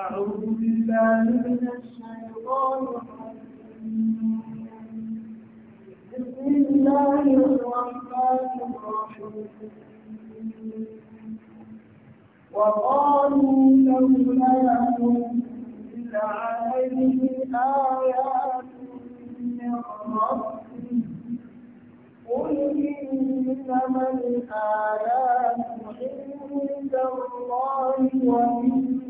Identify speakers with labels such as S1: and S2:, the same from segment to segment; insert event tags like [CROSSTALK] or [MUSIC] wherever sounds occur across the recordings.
S1: أعوذ بالله من الشيطان الرجيم بسم الله الرحمن الرحيم وقالوا لولا نزل عليه آيات من ربه قل إنما الآيات عند الله وإنما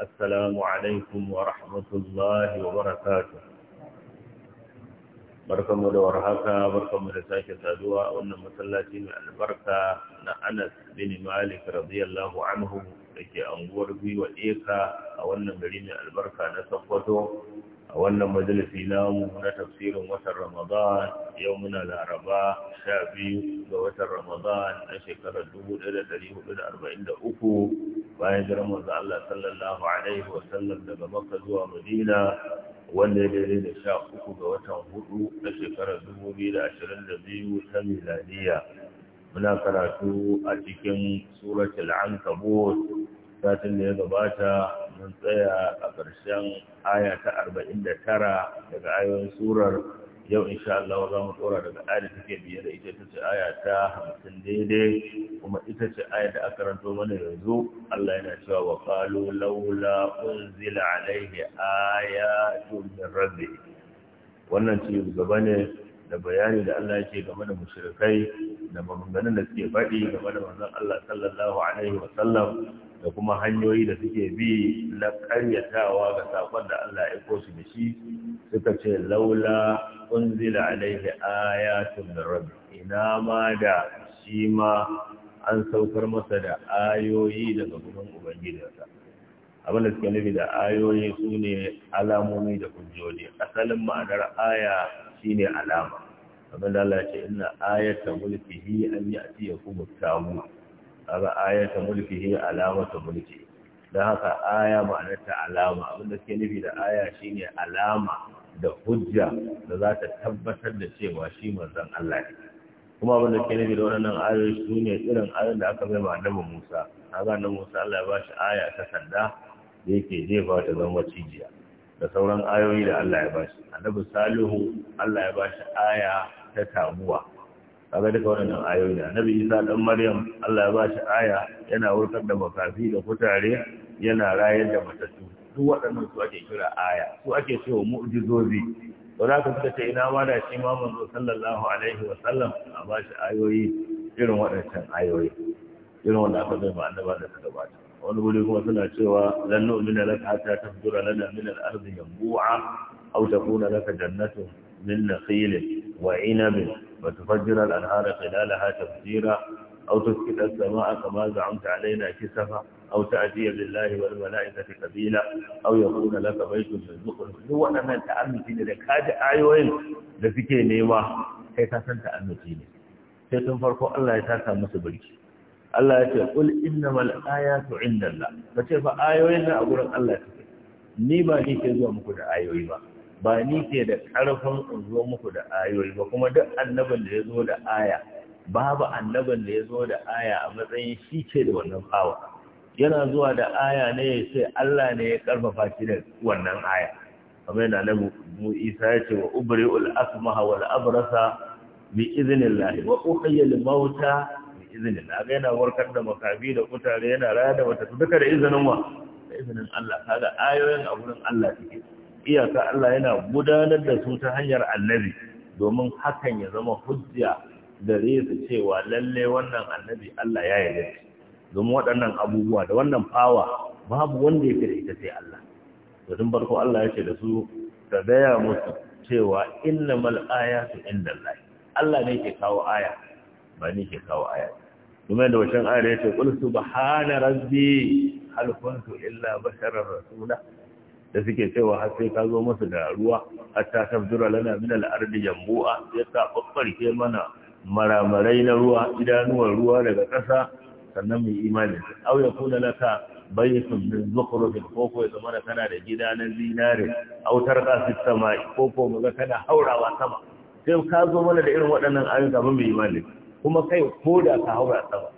S2: السلام عليكم ورحمة الله وبركاته barkanmu da warhaka mu da sake saduwa a wannan masallaci mai albarka na Anas bin Malik radiyallahu anhu da ke anguwar Gwiwa Eka a wannan gari mai albarka na Sokoto a wannan majalisi namu na tafsirin watan Ramadan yau muna laraba sha biyu ga watan Ramadan na shekarar 1443 bayan jiran manzo Allah sallallahu alaihi wa daga Makka zuwa Madina wanda ya daidai da sha uku ga watan hudu na shekarar 2022 ta miladiya muna karatu a cikin suratul ankabut satin da ya gabata mun tsaya a ƙarshen aya ta arba'in da tara daga ayoyin surar yau insha Allah za mu tsora daga aya da take biye da ita ta ce aya ta hamsin daidai kuma ita ce aya da aka ranto mana yanzu Allah yana cewa wa kalu laula unzila alaihi ayatun min rabbi wannan ce gaba ne da bayani da Allah yake game da mushrikai da maganganun da suke faɗi game da manzon Allah sallallahu alaihi wa sallam da kuma hanyoyi da suke bi na karyatawa ga sakon da Allah ya aiko da shi suka ce laula unzila alaihi ayatun min rabbi ina ma da shi ma an saukar masa da ayoyi daga gurin ubangijinsa da suke nufi da ayoyi su ne alamomi da hujjoji asalin ma'anar aya shine alama da Allah ya ce inna ayatan mulkihi an ya'tiyakum at-tamur kaga ayata mulkihi alamatu mulki dan haka aya ma'anar ta alama abinda ke nufi da aya shine alama da hujja da za ta tabbatar da cewa shi manzon Allah ne kuma abinda ke nufi da wannan ayoyi su irin ayar da aka bai ma annabi Musa kaga annabi Musa Allah ya bashi aya ta sanda da yake jefa ta zama cijiya da sauran ayoyi da Allah ya bashi annabi Salihu Allah ya bashi aya ta tabuwa kaga duka wannan ayoyi da annabi Isa dan Maryam Allah ya ba shi aya yana warkar da makafi da kutare yana rayar da matattu duk waɗannan su ake kira aya su ake cewa mu'jizozi ba za ka suka ce ina ma da shi ma manzo sallallahu alaihi wa sallam a ba shi ayoyi irin waɗancan ayoyi irin wanda aka zai ma annaba da wani wuri kuma suna cewa lan nu'mina laka hatta tafjura lana min al-ardi yanbu'a aw takuna laka jannatun min nakhilin wa 'inabin وتفجر الأنهار خلالها تفجيرا أو تسكت السماء كما زعمت علينا كسفا أو تأتي بالله والملائكة قبيلا أو يكون لك بيت من زخرف هو أنا تأمتي لك هذا أيوين da suke nema kai ka san ta'annuci ne sai tun farko Allah ya taka musu birki Allah ya ce kul innamal ayatu indallah kace fa ayoyin a Allah ni ba ni ke zuwa muku da ayoyi ba ba ni ke da ƙarfin in zo muku da ayoyi ba kuma duk annabin da ya zo da aya babu annabin da ya zo da aya a matsayin shi ce da wannan fawa yana zuwa da aya ne ya ce Allah ne ya karfafa shi da wannan aya kamar yana na mu isa ya ce wa ubri ul asmaha wal abrasa bi iznillah wa uhyi al mauta bi iznillah ga yana warkar da makafi da kutare yana raya da wata duka da izinin wa da izinin Allah kaga ayoyin a wurin Allah suke iyaka Allah yana gudanar da su ta hanyar annabi domin hakan ya zama hujja da su cewa lalle wannan annabi Allah ya yarda domin waɗannan abubuwa da wannan fawa babu wanda ya da ita sai Allah to barko Allah ya ce da su ta gaya musu cewa innamal ayatu indallah Allah ne ke kawo aya ba ne ke kawo aya kuma da wancan ayar ya ce qul subhana rabbi hal kuntu illa basharar rasula da suke cewa har sai ka zo masu da ruwa hatta tafdura lana min al jambu'a ya ta babbarke mana maramarai na ruwa idanuwar ruwa daga ƙasa sannan mu imani aw yakuna laka baytun min zukhrufin ko ko zama kana da gida na zinare aw tarqa fi samai ko ko mu ga kana haurawa sama sai ka zo mana da irin waɗannan ayyuka mun mu imani kuma kai ko da ka haura sama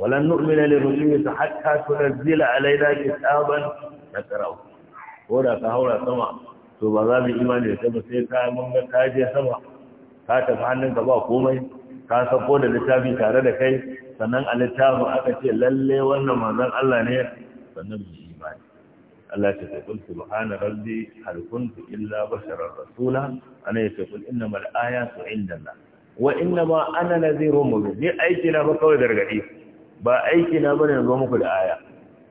S2: ولن نؤمن لرسولك Zila, تنزل علينا كتابا نقرأه Koda da ka haura sama to ba za mu imani da kai ba sai ka mun ga ka je sama ka tafi hannunka ba komai ka sako da littafi tare da kai sannan a littafin aka ce lalle wannan manzon Allah ne sannan mu imani Allah ta ce kul subhana rabbi hal kuntu illa basharar rasula ana yace kul innamal ayatu indallah wa innama ana nadhirun mubin ni aiki na ba kawai gargadi ba aiki na bane zo muku da aya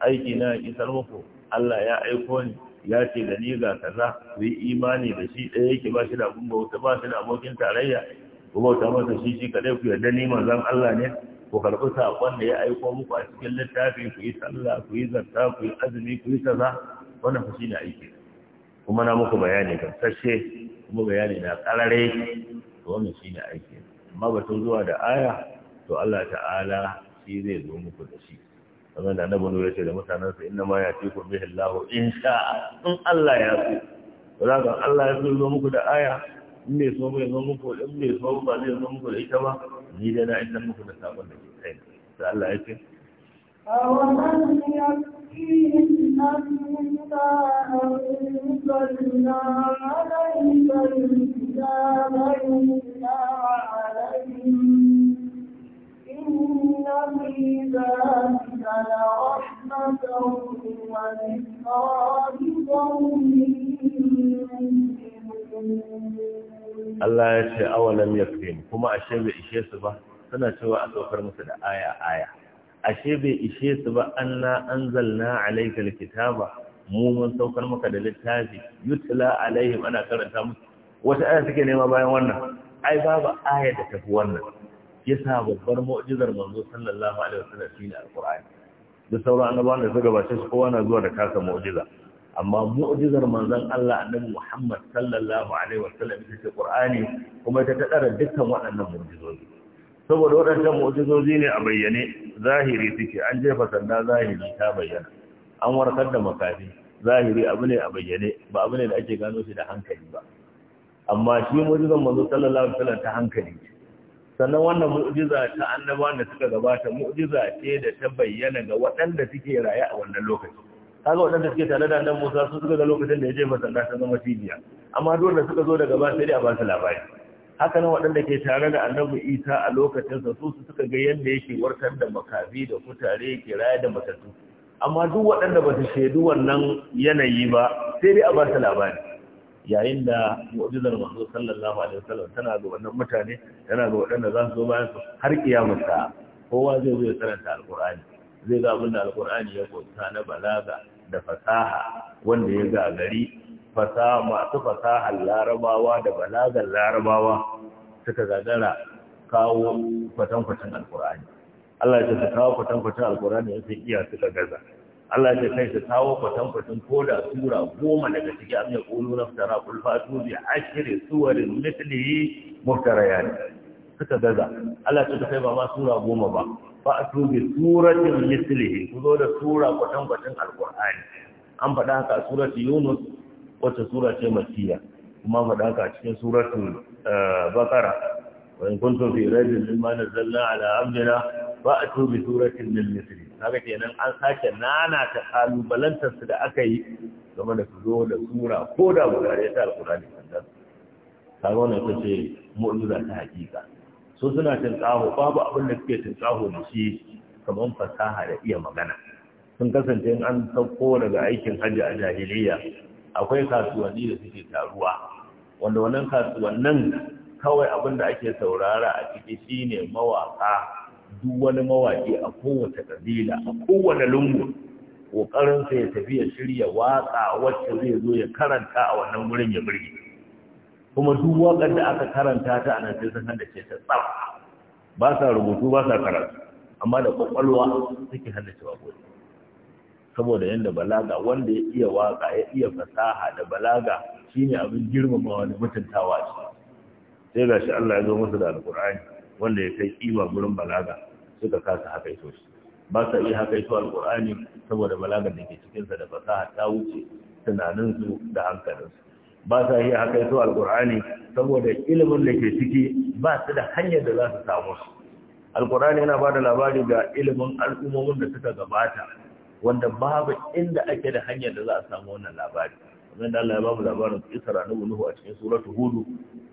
S2: aiki na isar muku Allah ya aiko ni ya ce da ni ga kaza ku imani da shi ɗaya yake ba shi da abin bauta ba shi da abokin tarayya ku bauta masa shi shi kaɗai ku yarda ni manzon Allah ne ku karɓi saƙon da ya aiko muku a cikin littafi ku yi sallah ku yi zakka ku yi azumi ku yi kaza wannan ku ne aiki kuma na muku bayani gamsashe kuma bayani na ƙarare to wannan ne aiki amma batun zuwa da aya to Allah ta'ala shi zai zo muku da shi kamar da annabi nura ce da mutanen sa inna ma ya ci ku bihi Allah in sha'a in Allah ya so za ka Allah ya so zo muku da aya in ne so mai zo muku in ne so ba zai zo muku da ita ba ni da na idan muku da sabon da ke kai sai Allah ya ce
S1: أَوَمَنْ يَكْفِيهِ أَنَّا أَنْزَلْنَا إن Allah ya ce awalam
S2: yakrim kuma ashe bai ishe su ba suna cewa a saukar musu da aya aya ashe bai ishe su ba anna anzalna alayka alkitaba mu mun saukar maka da littafi yutla alaihim ana karanta musu wata aya suke nema bayan wannan ai babu aya da tafi wannan yasa babbar mu'jizar manzo sallallahu alaihi wasallam al alqur'ani duk sauran annabawan da suka gabace shi kowa na zuwa da kasa mu'jiza amma mu'jizar manzon Allah annabi Muhammad sallallahu alaihi wasallam ita ce Qur'ani kuma ita ta dara dukkan waɗannan mu'jizozi saboda waɗannan mu'jizozi ne a bayyane zahiri suke an jefa sanda zahiri ta bayyana an warkar da makafi zahiri abu ne a bayyane ba abu ne da ake gano shi da hankali ba amma shi mu'jizar manzo sallallahu alaihi wasallam ta hankali sannan wannan mu'jiza ta annaba da suka gabata mu'jiza ce da ta bayyana ga waɗanda suke raye a wannan lokaci kaga waɗanda suke tare da annabi Musa su suka ga lokacin da ya jefa sanda ta zama cibiya amma duk da suka zo daga ba sai dai a ba su labari haka nan waɗanda ke tare da annabi Isa a lokacin sa su suka ga yadda yake warkar da makafi da kutare kiraya da matattu amma duk waɗanda ba su shaidu wannan yanayi ba sai dai a ba su labari yayin da mu'jizar manzo sallallahu alaihi wasallam tana ga wannan mutane tana ga waɗanda za su zo bayan su har kiyamar kowa zai zo ya karanta alqur'ani zai ga abin da alqur'ani ya kunta na balaga da fasaha wanda ya ga gari. fasaha masu fasahar larabawa da balagan larabawa suka gagara kawo kwatankwacin alqur'ani Allah ya ce su kawo kwatankwacin alqur'ani sai iya suka gaza Allah ya kai ta kawo kwatankwacin ko da sura goma daga ciki an ya ƙulu na fitara ƙulfatu bi ashiri suwarin mislihi muftarayani suka gaza Allah ya kai ba ma sura goma ba fa atu bi suratin mislihi ku zo da sura kwatankwacin alqur'ani an faɗa ka a surati yunus wacce sura ce masiya kuma faɗa ka a cikin suratul eh, baqara wa in kuntum fi raibin mimma nazzalna ala abdina ba a tobe suratin nan misri haka kenan an sake nana ta kalubalantar da aka yi game da su zo da sura ko da guda ta alkurani sannan kaga wannan ta ce mu'jiza ta hakika su suna tsaho babu abin da suke cin tsaho da shi kamar fasaha da iya magana sun kasance an sauko daga aikin hajji a jahiliya akwai kasuwanni da suke taruwa wanda wannan kasuwannin kawai abin da ake saurara a ciki shine mawaka duk wani mawaƙi a kowace ƙabila a kowane lungu ƙoƙarinsa ya tafi ya shirya waƙa wacce zai zo ya karanta a wannan wurin ya birge kuma duk waƙar da aka karanta ta a nan sai sun da ce ta tsara ba sa rubutu ba sa karatu amma da ƙwaƙwalwa suke ba waƙoƙi saboda yadda balaga wanda ya iya waƙa ya iya fasaha da balaga shine abin girmama da mutuntawa ce sai shi Allah ya zo musu da alƙur'ani wanda ya kai ƙiba gurin balaga suka kasa hakaito shi ba sa iya hakaito alkur'ani saboda balagar da ke cikinsa da fasaha ta wuce tunaninsu da hankalinsu ba sa iya hakaito alkur'ani saboda ilimin da ke ciki ba su da hanyar da za su samu su alkur'ani yana ba da labari ga ilimin al'ummomin da suka gabata wanda babu inda ake da hanyar da za a samu wannan labari kamar da Allah ya bamu labarin kisar annabi Nuhu a cikin suratu Hud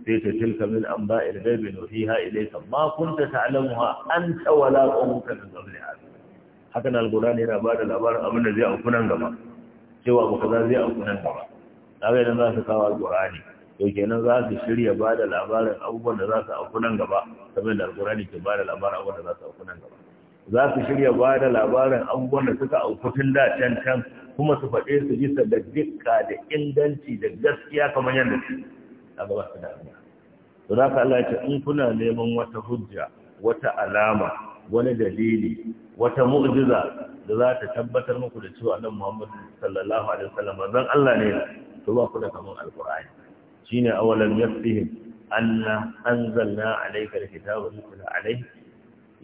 S2: sai ta tilka min amba'il ghaibi nuhiha ilayka ma kunta ta'lamuha anta wala qawmuka min qabl hadha haka nan alqur'ani yana ba da labarin abin da zai auku nan gaba cewa ba kaza zai auku nan gaba ga idan za su kawo alqur'ani to kenan za su shirya ba da labarin abubuwan da za su auku nan gaba kamar da alqur'ani ke ba da labarin abubuwan da za su auku nan gaba za su shirya ba da labarin abubuwan da suka auku tun da can can kuma su faɗe su bisa da dukka da inganci da gaskiya kamar yadda su a gaba su da Allah. To za ka Allah ce in kuna neman wata hujja, wata alama, wani dalili, wata mu'jiza da za ta tabbatar muku da cewa nan Muhammadu sallallahu alaihi wasallam zan Allah ne to ba ku da kamar alqur'ani shine awalan yafihim anna anzalna alayka alkitaba yutla alayhi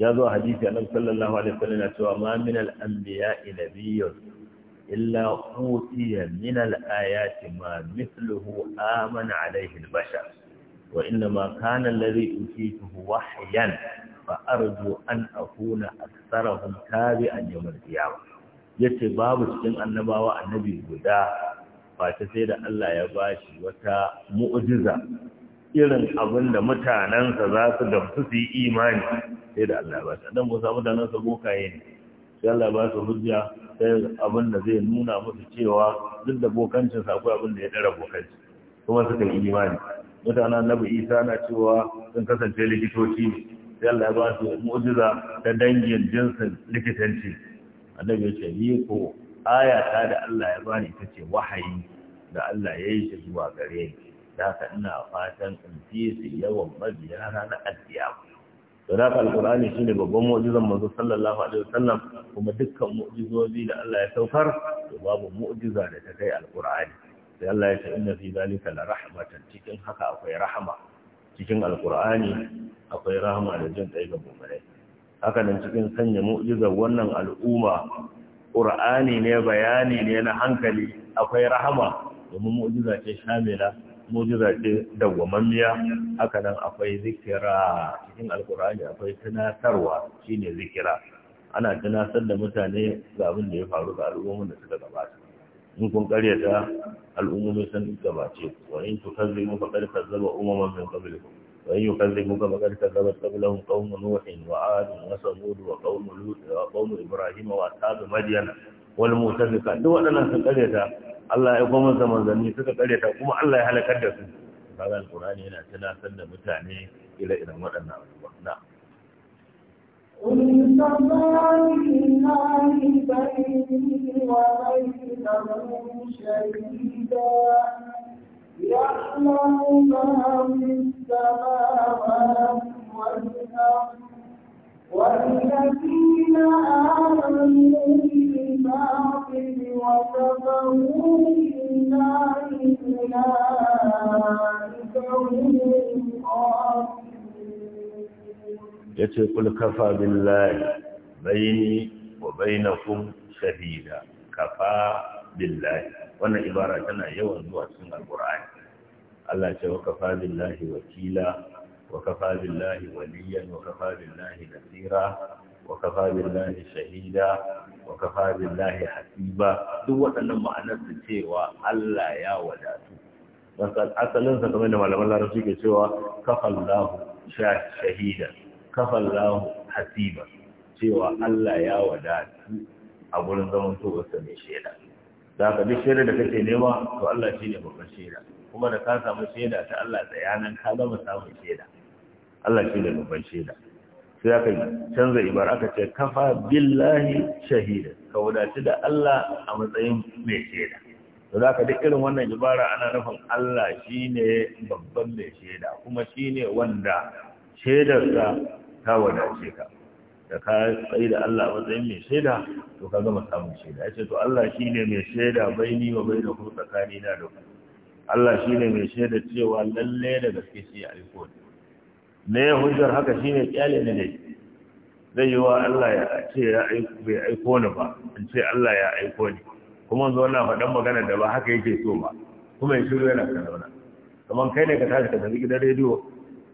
S2: ya zo hadisi annabi sallallahu alaihi wasallam cewa ma min al-anbiya'i nabiyyun illa utiya min al-ayati ma mithluhu amana alayhi al-bashar wa inna ma kana alladhi utituhu wahyan fa arju an akuna aktharahum tabi'an yawm al-qiyamah yace babu cikin annabawa annabi guda ba sai da Allah ya bashi wata mu'ujiza. irin abinda mutanensa za su damsu su yi imani sai da Allah ba shi. Adam Musa mutanensa bokaye ne, sai Allah ba su hujja sai abin da zai nuna musu cewa duk da bokancin sa akwai abin da ya dara bokanci kuma suka yi imani mutanen nabi isa na cewa sun kasance likitoci ne sai Allah ya ba su mu'jiza ta dangin jinsin likitanci annabi ya ce ni ko aya ta da Allah ya bani ita ce wahayi da Allah ya yi shi zuwa gare ni da haka ina fatan in fi su yawan mabiya na addiyama to da alqur'ani shine babban mu'jizan manzo sallallahu alaihi wasallam kuma dukkan mu'jizozi da Allah ya saukar to babu mu'jiza da ta kai alqur'ani sai Allah ya ce inna fi zalika la rahmatan cikin haka akwai rahama cikin alqur'ani akwai rahama da jin kai ga mu'minai haka nan cikin sanya mu'jizar wannan al'umma qur'ani ne bayani ne na hankali akwai rahama domin mu'jiza ce shamila mujiza ce dawwamammiya haka nan akwai zikira cikin alkur'ani akwai tunatarwa shine zikira ana tunatar da mutane ga abin da ya faru ga al'ummomin da suka gabata in kun karyata al'ummomin sun gabace wa in tukazzibu faqad kazzaba umaman min qablikum wa in yukazzibuka faqad kazzabat qablahum qaumun nuh wa 'ad wa samud wa qaum lut wa qaum ibrahim wa ashab madyan wal mutafika duk waɗannan sun ta Allah ya kuma zaman zanni suka ta kuma Allah ya halakar da su kaga alqur'ani yana san da mutane ila irin waɗannan abubuwa na
S1: قل تضاعف يعلم ما في السماوات والأرض والذين آمنوا بالباطل وكفروا
S2: yace kul kafa billahi baini wa bainakum shahida kafa billahi wannan ibara tana yawan zuwa cikin alqur'ani Allah ce wa kafa billahi wakila wa kafa billahi waliyan wa kafa billahi nasira وكفى بالله شهيدا وكفى بالله حسيبا duk waɗannan ma'anar su cewa Allah ya wadatu wannan asalin sa kamar da malaman larabci ke cewa kafallahu shahida kafallahu hasiba cewa Allah ya wadatu a gurin zaman to wasa mai shaida. da ka duk shaida da kake nema to Allah shine babban shaida. kuma da ka samu shaida, ta Allah tsayanan ka gama samun shaida.
S1: Allah shine babban shaida. sai aka canza
S2: ibar aka ce kafa billahi shahida ka wadaci da Allah a matsayin mai shaida to da ka duk irin wannan ibara ana nufin Allah shine babban mai shaida kuma shine wanda shaidarsa ta wadace ka da ka tsaye da Allah a matsayin mai shaida to ka gama samun shaida ce to Allah shine mai shaida baini wa tsakani na da ku Allah shine mai shaida cewa lalle da gaske shi ne. Ne hujjar haka shine kyale ne ne zai yi wa Allah ya ce ya bai aiko ni ba in ce Allah ya aiko ni kuma zo na faɗin magana da ba haka yake so ba kuma ya shiru yana kan zauna kamar kai ne ka tashi ka tafi gidan rediyo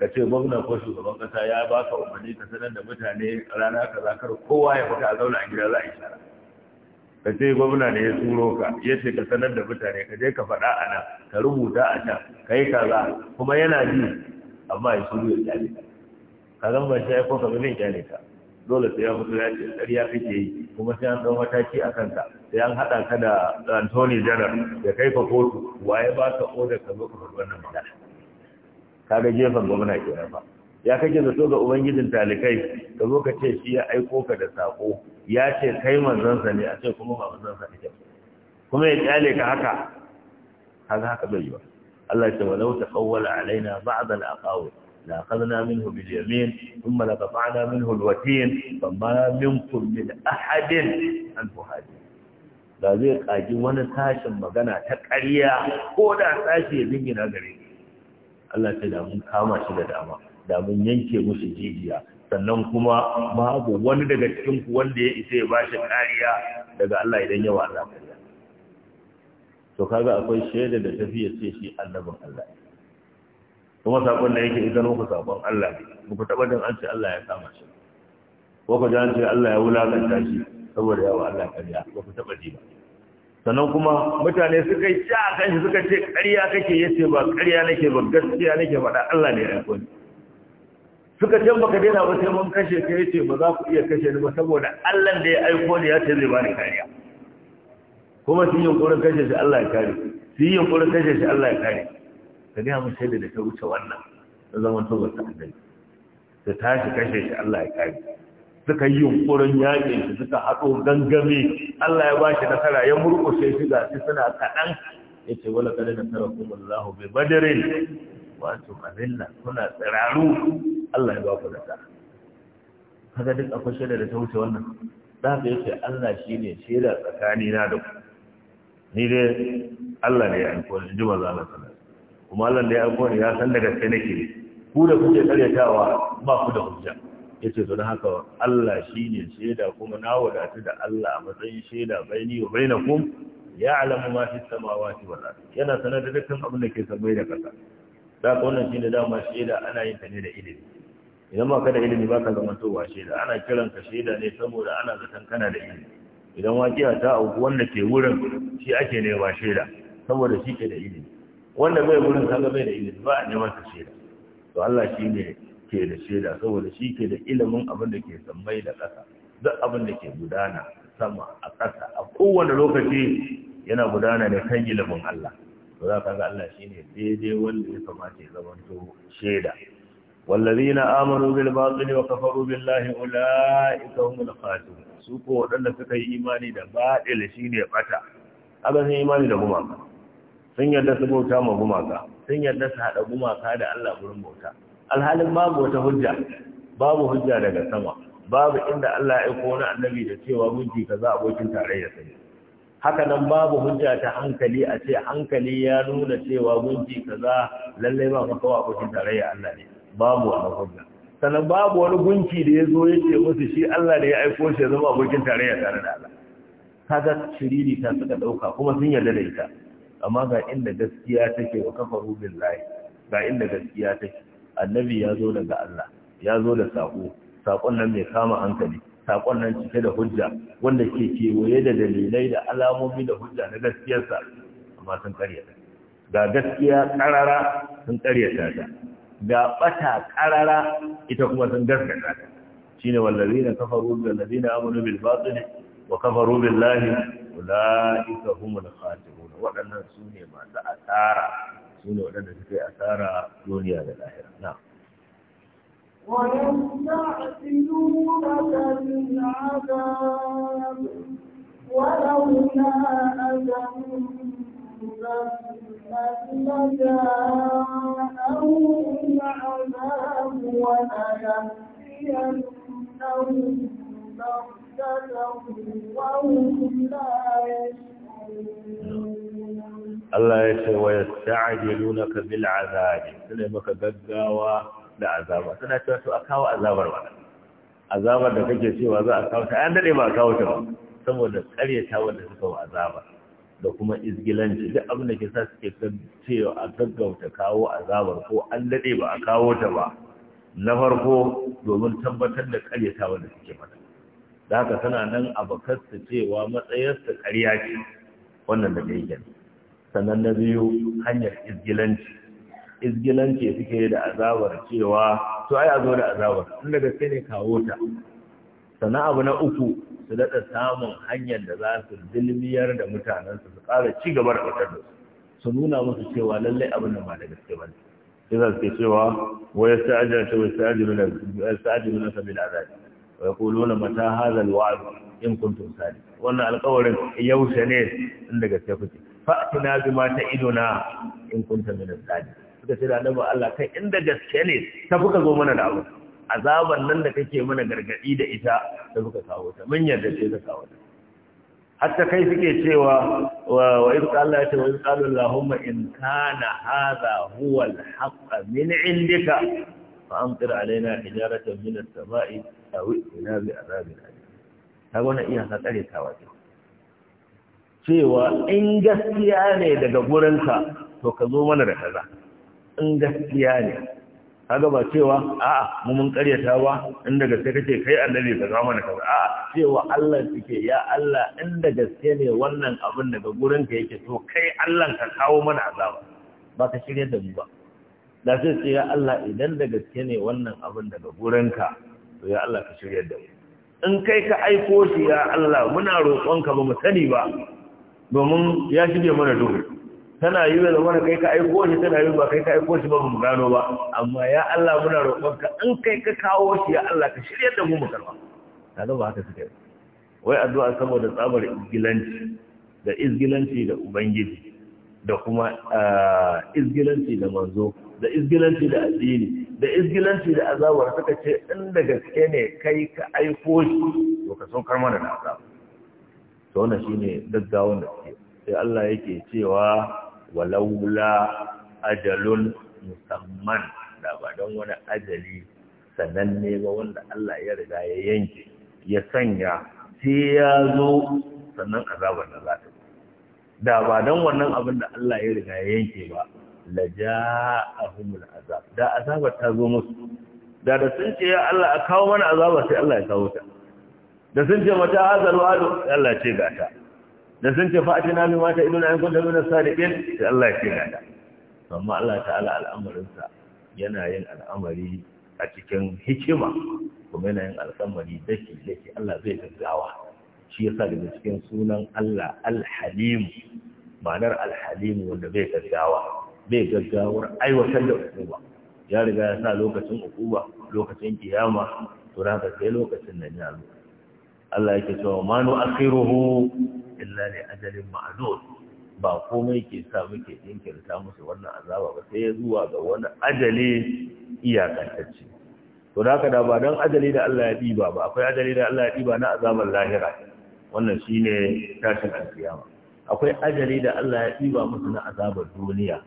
S2: ka ce gwamna ko shugaban kasa ya baka umarni ka sanar da mutane rana kaza kar kowa ya fita a zauna a gida za a yi shara ka ce gwamna ne ya turo ka ya ce ka sanar da mutane ka je ka faɗa a nan ka rubuta a can ka yi kaza kuma yana ji amma ya shiru ya kyale ka ka zan ya shi ko ka zai kyale ka dole sai ya mutu ya ce ya fi yi kuma sai an ɗan mataki a kanka sai an haɗa ka da Anthony Janar ya kai ka kotu waye ba ka odar ka zo ka faɗi wannan ka ga gefen gwamna ke ba ya kake zato ga ubangijin talikai ka zo ka ce shi ya aiko ka da sako ya ce kai manzansa ne a ce kuma ba manzansa kake kuma ya kyale ka haka kaga haka bai yi ba Allah ya ce walau taqawwala alaina ba'd al-aqawi la akhadna minhu bil yamin thumma la qata'na minhu al-watin famma minkum min ahadin an fuhadi da zai kaji wani tashin magana ta ƙarya ko da sashi ya zingina gare Allah ce da mun kama shi da dama da mun yanke mushi jijiya sannan kuma babu wani daga cikinku wanda ya isa ya bashi kariya daga Allah idan yawa Allah to kaga akwai shaida da tafiya ya ce shi annabin Allah kuma sakon da yake idan muku sakon Allah ne muku taba jin an ce Allah ya kama shi ko ku ji an ce Allah ya wulakanta shi saboda yawa Allah kariya ba ku taba ji ba sannan kuma mutane suka yi ja kan shi suka ce ƙarya kake yace ba ƙarya nake ba gaskiya nake faɗa Allah ne ya yi ni suka ce baka daina ba sai mun kashe ka yace ba za ku iya kashe ni ba saboda Allah da ya aiko ni ya ce zai ba ni kariya kuma su yi yunkurin kashe shi Allah ya kare su yi yunkurin kashe shi Allah ya kare ka gaya mu shaida da ta wuce wannan na zaman to wata annabi su tashi kashe shi Allah ya kare suka yi yunkurin yaƙi su suka haɗo gangame Allah ya ba shi nasara ya murƙushe shi ga shi suna kaɗan ya ce wala kada nasara tara kuma Allah bai badirin wato azilla kuna tsiraru Allah ya ba ku nasara kaga duk akwai shaida da ta wuce wannan da haka yace Allah shine shaida tsakanina da ku ni dai Allah ne ya aiko ni ji manzo Allah sallallahu alaihi kuma Allah ne ya aiko ni ya san da gaske nake ku da kuke karyatawa ba ku da hujja yace to dan haka Allah shine shaida kuma na wadatu da Allah a matsayin shaida baini wa bainakum ya'lamu ma fi samawati wal ardi yana sanar da dukkan abin da ke sabai da kasa da ka wannan shine dama shaida ana yin ta ne da ilimi idan ba ka da ilimi ba ka zama to shaida ana kiran ka shaida ne saboda ana zaton kana da ilimi idan waƙiya ta auku wanda ke wurin shi ake nema shaida saboda shi ke da ilimi wanda bai wurin kaga bai da ilimi ba a neman sa shaida to Allah shi ne ke da shaida saboda shi ke da ilimin abin da ke sammai da ƙasa duk abin da ke gudana sama a ƙasa a kowane lokaci yana gudana ne kan ilimin Allah to za ka ga Allah shi ne daidai wanda ya kamata ya zamanto shaida والذين آمنوا بالباطل وكفروا بالله أولئك هم الخاسرون su ko waɗanda suka yi imani da baɗil shi ne ɓata aga sun imani da gumaka sun yarda su bauta ma gumaka sun yarda su haɗa gumaka da Allah gurin bauta alhalin babu wata hujja babu hujja daga sama babu inda Allah ya aiko annabi da cewa gunki abokin tarayya sai haka nan babu hujja ta hankali a ce hankali ya nuna cewa gunki kaza lalle ba kawo abokin tarayya Allah ne babu wannan hujja sannan babu wani gunki da ya zo ya ce musu shi Allah da ya aiko shi ya zama abokin tarayya tare da Allah kaga shiriri ta suka dauka kuma sun yarda da ita amma ga inda gaskiya take wa kafaru billahi ga inda gaskiya take annabi ya zo daga Allah ya zo da sako sakon nan mai kama hankali sakon nan cike da hujja wanda ke kewaye da dalilai da alamomi da hujja na gaskiyarsa amma sun karyata ga gaskiya karara sun karyata ta ga bata karara ita kuma sun gaskata shine wallazina kafaru bil ladina amanu bil batil wa kafaru billahi ulaika humul khasirun wadannan sune masu asara sune wadanda suka yi asara duniya da lahira na
S1: ويستعجلونك بالعذاب ولولا أجل لما جاءهم العذاب وليأتينهم
S2: Allah ya ce wa a bil azabi sai maka gaggawa da azaba suna ce to a kawo azabar ba azabar da kake cewa za a kawo ta an daɗe ba a kawo ta ba saboda karyata wanda suka wa azabar. da kuma izgilanci duk abin da ke sa suke cewa a gaggauta kawo azabar ko an daɗe ba a kawo ta ba na farko domin tabbatar da ƙaryata wanda suke mata da haka tana nan su cewa matsayarsa ƙarya ce wannan da ɗaya sannan na biyu hanyar izgilanci izgilanci suke da azabar cewa to ai a zo da azabar inda daga gaske ne kawo ta Sana abu na uku su daɗa samun hanyar da za su dilmiyar da mutanensu su ƙara ci gaba da fitar da su nuna musu cewa lallai abin da ba da gaske ba sai za su ke cewa waya sa'ajar ta waya sa'ajar na sabi da azabi waya kulo na mata hazal wa'ad in kuntum sadi wannan alƙawarin yaushe ne in da gaske kuke fa'atina bi ma ta idona in kuntum min suka ce da annabi Allah kai inda gaske ne ta fuka zo mana da abu azaban nan da kake mana gargadi da ita da muka kawo ta mun yarda sai ka kawo ta hatta kai suke cewa wa Allah ya ce wa in qala allahumma in kana hadha huwa al-haqq min indika fa amtir alaina hijaratan min as-sama'i aw ina bi azabin alim kaga wannan iya tsare kawa ce cewa in gaskiya ne daga gurinka to ka zo mana da kaza in gaskiya ne kaga ba cewa a'a mu mun ƙaryata ba in da gaske kake kai annabi ka zama mana kaza a'a cewa Allah suke ya Allah in da gaske ne wannan abin daga gurin ka yake so kai Allah ka kawo mana azaba ba ka shirye da mu ba da sai ce ya Allah idan da gaske ne wannan abin daga gurin ka to ya Allah ka shirye da mu in kai ka aiko shi ya Allah muna roƙonka ba mu sani ba domin ya shige mana duhu tana yi wa zama kai ka aiko shi tana yi ba kai ka aiko shi ba mu gano ba amma ya Allah muna roƙonka an kai ka kawo shi ya Allah ka shirya da mu mu karba kaga ba haka suke wai addu'a saboda tsabar izgilanci da izgilanci da ubangiji da kuma ah, izgilanci da manzo da izgilanci da addini da izgilanci da azabar suka ce in da gaske ne kai ka aiko shi to ka saukar mana da azab to wannan shine gaggawan da suke sai Allah yake cewa walaula ajalun musamman da ba don wani ajali sananne ba wanda Allah ya riga ya yanke ya sanya sai ya zo sannan azabar da za ta da ba don wannan abin da Allah ya riga ya yanke ba la ja'ahumul azab da azabar ta zo musu da da sun ce ya Allah a kawo mana azaba sai Allah ya kawo ta da sun ce mata hazal wa'adu Allah ce gata da sun ce fa'ati na min mata iduna an kunta min sadiqin da Allah ya ce gada amma Allah ta'ala al'amarinsa yana yin al'amari a cikin hikima kuma yana yin al'amari daki daki Allah zai gaggawa shi yasa daga cikin sunan Allah al-Halim ma'anar al-Halim wanda bai gaggawa bai gaggawar aiwatar da hukuma ya riga ya sa lokacin hukuma lokacin kiyama to da sai lokacin nan ya zo Allah yake cewa manu nu akhiruhu illa li ajalin ma'dud ba komai ke sa muke jinkirta musu wannan azaba ba sai ya zuwa ga wani ajali iyakantacce to da haka da ba dan ajali da Allah ya ba akwai ajali da Allah ya na azabar lahira wannan shine tashin alkiyama akwai ajali da Allah ya diba musu na azabar duniya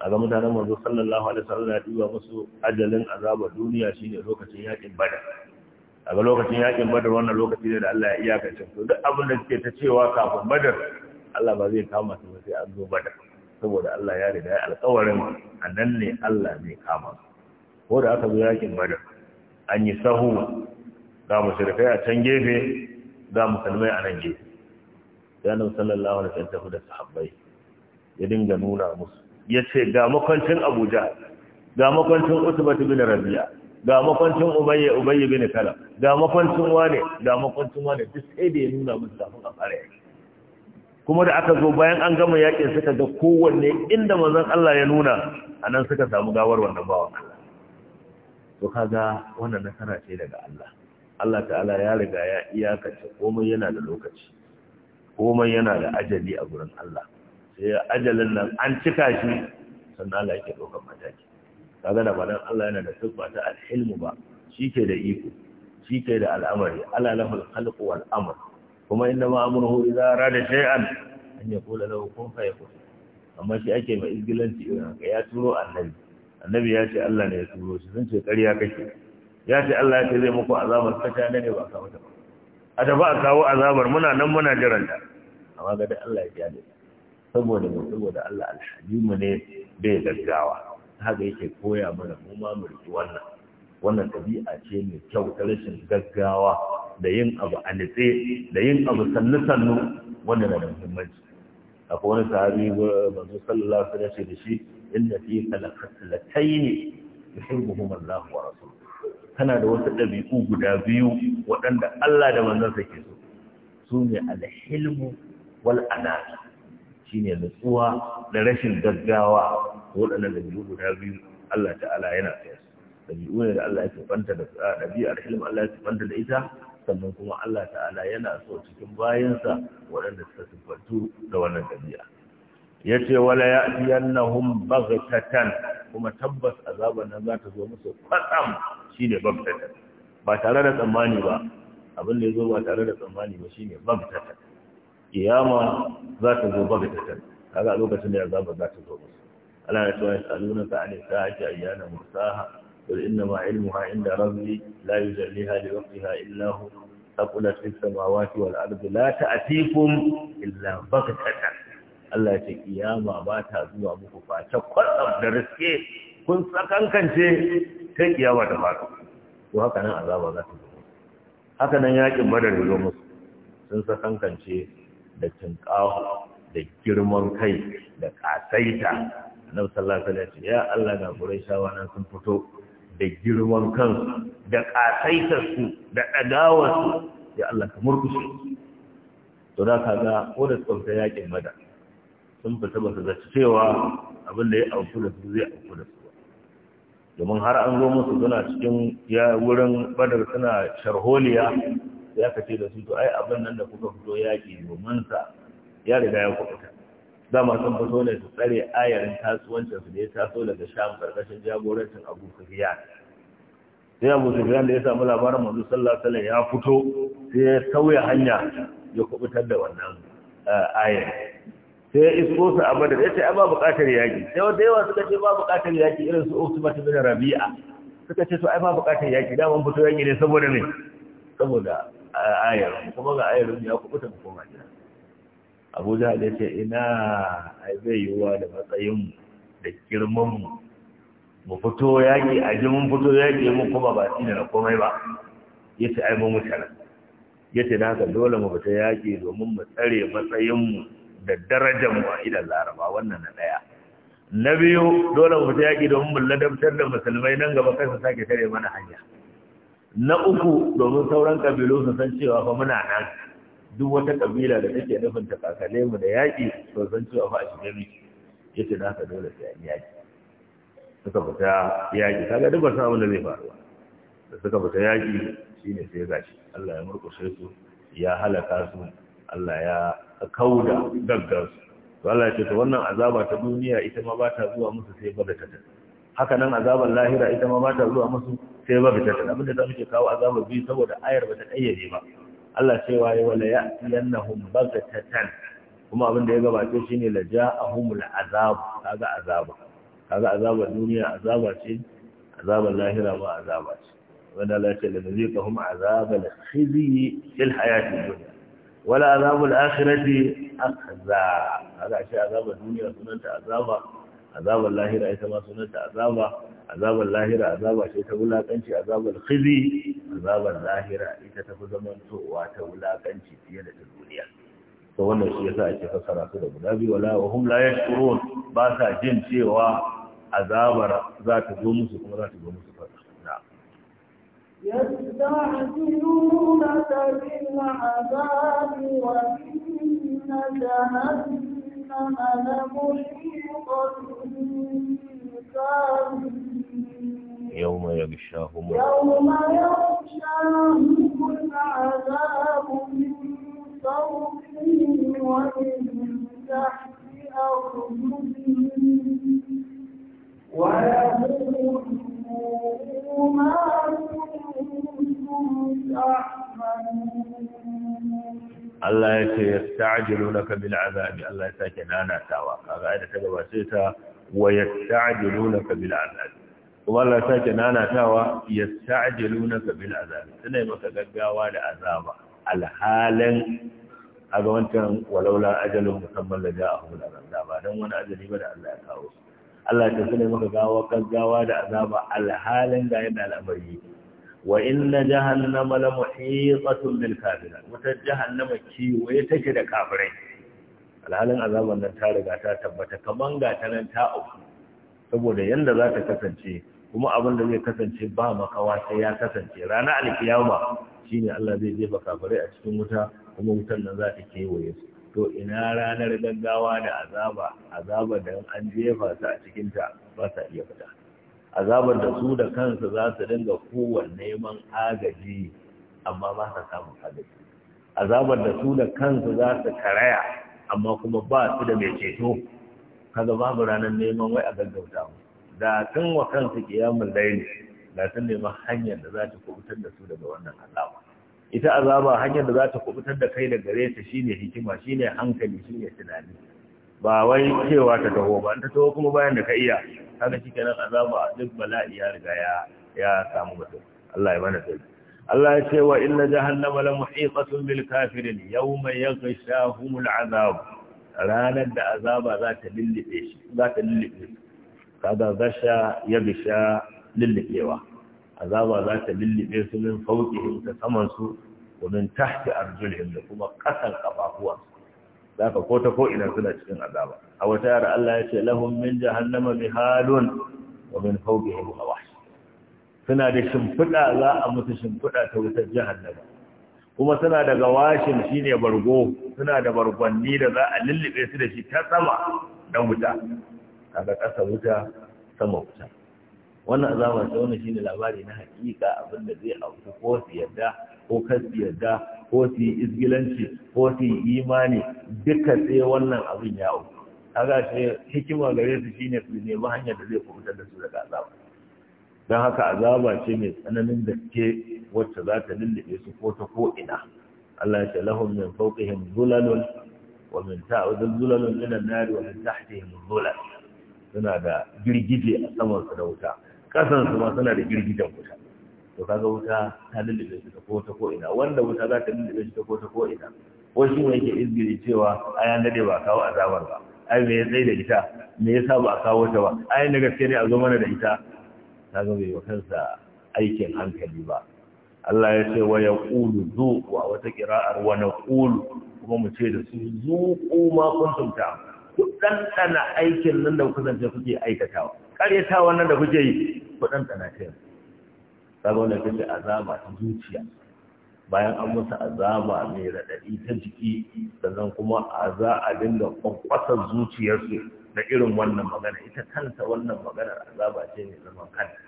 S2: a ga mutanen manzo sallallahu alaihi wasallam ya diba musu ajalin azabar duniya shine lokacin yakin badar a lokacin yakin badar wannan lokaci ne da Allah ya iya iyakacin to duk abin da suke ta cewa kafin badar Allah ba zai kama su sai an zo badar saboda Allah ya riga alƙawarin a nan ne Allah zai kama ko da aka zo yakin badar an yi sahu ga mushrikai a can gefe ga musulmai a nan gefe sai annabi sallallahu alaihi wasallam tafi da sahabbai ya dinga nuna musu yace ga makwancin Abuja ga makwancin Utbah bin Rabi'a ga makwancin ubayye ubayye bin kala ga makwancin wane ga makwancin wane duk sai da ya nuna musu kafin a fara yaki kuma da aka zo bayan an gama yakin suka ga kowanne inda mazan Allah ya nuna anan suka samu gawar wannan bawa Allah to kaga wannan nasara ce daga Allah Allah ta'ala ya riga ya iyakace komai yana da lokaci komai yana da ajali a gurin Allah sai ajalin nan an cika shi sannan Allah yake ɗaukar mataki kaga da banan Allah yana da siffa ta al-hilmu ba ke da iko shi ke da al'amari ala lahul khalqu wal amr kuma inna ma amruhu idza arada shay'an an yaqula lahu kun fayakun amma shi ake mai izgilanci irin haka ya turo annabi annabi ya ce Allah ne ya turo shi sun ce ƙarya kake ya ce Allah ya ce zai muku azabar kata ne ba kawo ta ba a tafi a kawo azabar muna nan muna jiranta amma ga dai Allah ya ji saboda saboda Allah alhajimu ne bai gaggawa haka yake koya mana mu ma mu riki wannan wannan ɗabi'a ce mai kyau ta rashin gaggawa da yin abu a nitse da yin abu sannu-sannu wannan na da muhimmanci akwai wani sahabi manzo sallallahu alaihi wasallam da shi inna fi khalaqatayn yuhibbuhum Allah wa rasuluhu kana da wasu ɗabi'u guda biyu waɗanda Allah da sa ke so su ne al-hilmu wal anaa shine nutsuwa da rashin gaggawa waɗannan ɗabi'u guda biyu Allah ta'ala yana kai ɗabi'u ne da Allah ya sifanta da ɗabi'ar ilimi Allah ya sifanta da ita sannan kuma Allah ta'ala yana so cikin bayansa waɗanda suka siffantu da wannan ɗabi'a ya ce wala ya fiyannahum baghtatan kuma tabbas azaban nan za ta zo musu kwatsam shine baghtatan ba tare da tsammani ba abin da ya zo ba tare da tsammani ba shine baghtatan kiyama za ta zo baghtatan kaga a lokacin da azaban za ta zo musu ألا ya tsaye saluna ka an sa'ati ayyana mursaha qul inna ma ilmuha inda rabbi la yujalliha li waqtiha illa hu taqulat fis samawati la illa Allah ce kiyama ba ta zuwa muku face kwatsam da riske kun sakankance ta kiyama ta faru ko haka nan azaba za ta zo haka nan yakin badar ya zo musu sun sakankance da tinkaho da girman kai da kasaita annabi sallallahu alaihi wasallam ya Allah ga quraishawa nan sun fito da girman kansu da kasaitar su da dagawar su ya Allah ka murkushe to da kaga ko da tsauta yakin mada sun fita ba su ga cewa abin da ya auku da su zai auku da su domin har an zo musu suna cikin ya wurin badar suna sharholiya ya kace da su to ai abin nan da kuka fito yaƙi domin sa ya riga ya kuɓuta ma sun fito ne su tsare ayarin tasuwancin su da ya taso daga sham karkashin jagorancin abu sufyan sai abu sufyan da ya samu labarin manzo sallallahu alaihi wasallam ya fito sai ya sauya hanya ya kubutar da wannan eh, ayar sai ya isko su a madar ya ce ba buƙatar yaƙi sai wanda yawa suka ce ba buƙatar yaƙi irin su usman bin rabi'a suka ce to ai ba buƙatar yaƙi da mun fito yanki ne saboda ne saboda eh, ayar kuma ga ayar ya kubutar mu koma abu jihar ya ce ina a zai yiwuwa da matsayinmu da girman mu fito yaƙi a ji mun fito yaƙi mun kuma ba shi da komai ba ya ce ai mun mutane ya ce haka dole mu fita yaƙi domin mu tsare matsayinmu da darajar mu a idan laraba wannan na ɗaya na biyu dole mu fita yaƙi domin mu ladabtar da musulmai nan gaba kai su sake tare mana hanya na uku domin sauran kabilu su san cewa fa muna nan duk wata kabila da take nufin ta kakane mu da yaƙi to san cewa ba a cikin miki yace da haka dole sai an yaƙi suka fita yaƙi kaga duk ba san abin da zai faru ba da suka fita yaƙi shine sai gashi Allah ya murƙushe su ya halaka su Allah ya kauda gaggar su to Allah ya ce to wannan azaba ta duniya ita ma ba ta zuwa musu sai ba da ta haka nan azabar lahira ita ma ba ta zuwa musu sai ba fita ta abinda za mu ke kawo azabar biyu saboda ayar ba ta ƙayyade ba Allah cewa ya wala ya'tiyannahum baghtatan kuma abin da ya gabace shine la ja'ahumul azab kaga azaba kaga azaba duniya azaba ce azaba lahira ma azaba ce wanda Allah ce la nuziqahum azabal khizi fil hayati dunya wala azabul akhirati akhza kaga shi azabar duniya sunanta azaba azabar lahira ita ma sunanta azaba azabar lahira azaba ce ta wulakanci azabar khizi azabar lahira ita ta fi zaman towa ta wulakanci fiye da ta duniya to wannan shi yasa ake fassara su da guda biyu wala wa hum la yashkurun ba sa jin cewa azabar za ta zo musu kuma za ta zo musu fara
S1: يستعجلونك بالعذاب وإن جهنم أنا محيطة يوم يغشاهم يوم يغشاهم العذاب من فوقهم ومن تحت أرجلهم ويقولوا ما كنتم تعملون
S2: Allah ya ce yasta'jilunaka bil azabi Allah ya sake nanatawa kaga ai da ta gabace ta wa yasta'jilunaka bil azabi kuma Allah ya sake nanatawa yasta'jilunaka bil azabi suna maka gaggawa da azaba alhalan aga wancan walaula ajalun musamman da ja ahu da ba dan wani ajali ba da Allah ya kawo Allah ya sune maka gawa gaggawa da azaba alhalan ga yadda al'amari yake wa inna jahannama la muhiqatun bil kafirin wata jahannama waye take da kafirai alhalin azaban nan ta riga ta tabbata kaman ga ta nan ta auku saboda yanda za ta kasance kuma abin da zai kasance ba makawa sai ya kasance ranar alkiyama shine Allah zai jefa kafirai a cikin wuta kuma wutan nan za ta kewaye su to ina ranar gaggawa da azaba azaba da an jefa su a cikinta ba sa iya fita azabar da su da kansu za su dinga kowar neman agaji amma ba sa samun agaji azabar da su da kansu za su karaya amma kuma ba su da mai ceto kaga babu ranar neman wai a gaggauta mu da kan wa kansu kiyamun laili da sun neman hanyar da za ta kubutar da su daga wannan azaba ita azaba hanyar da za ta kubutar da kai da gare ta shine hikima shine hankali shine tunani ba wai cewa ta taho ba ta taho kuma bayan da ka iya haka shi kenan azaba duk bala'i ya riga ya ya samu mutum Allah ya bana sai Allah ya ce wa inna jahannama la muhiqatun bil kafirin yawma al azab ranar da azaba za ta lillibe shi za ta lillibe kada gasha ya bisha lillibewa azaba za ta lillibe su min fawqihim ta saman su wa min tahti arjulihim kuma kasan kafafuwansu zaka ko ta ko ina suna cikin azaba a wata yara Allah ya ce lahum min jahannama mihalun wa min fawqihim hawash suna da shimfiɗa za a musu shimfiɗa ta wutar jahannama kuma suna da washin shine bargo suna da bargwanni da za a lullube su da shi ta sama da wuta kaga ƙasa wuta sama wuta
S1: wannan azaba ta wannan shine
S2: labari na hakika abinda zai auki ko su yarda ko kasu su ko su yi izgilanci ko su yi imani duka sai wannan abin ya auku kaga ce hikima gare su shine su nemi hanyar da zai kubutar da su daga azaba don haka azaba ce mai tsananin gaske wacce za ta lullube su ko ta ko ina Allah ya ce lahum min fawqihim zulalun wa min ta'udul zulalun min an-nar wa min tahtihim zulal suna da girgije a saman su da wuta Kasansu ma suna da girgijan wuta to kaga wuta ta lullube shi ta ko ta ko ina wanda wuta za ta lullube shi ta ko ta ko ina ko shi ne yake izgiri cewa a yan dade ba kawo azabar ba ai me ya tsaye da ita me ya sa ba a kawo ta ba ai na gaske ne a zo mana da ita kaga bai wa kansa aikin hankali ba Allah ya ce wa yaqulu zu, wa wata qira'ar wa naqulu kuma mu ce da su zu, ma kuntum ta ku ɗanɗana aikin nan da kuka zance kuke aikatawa ƙaryata wannan da kuke yi ku da na ce kaga wannan kace azaba ta zuciya bayan an musu azaba mai raɗaɗi ta jiki sannan kuma a a dinga kwakwasar zuciyarsu da irin wannan magana ita kanta wannan maganar azaba ce mai zaman kanta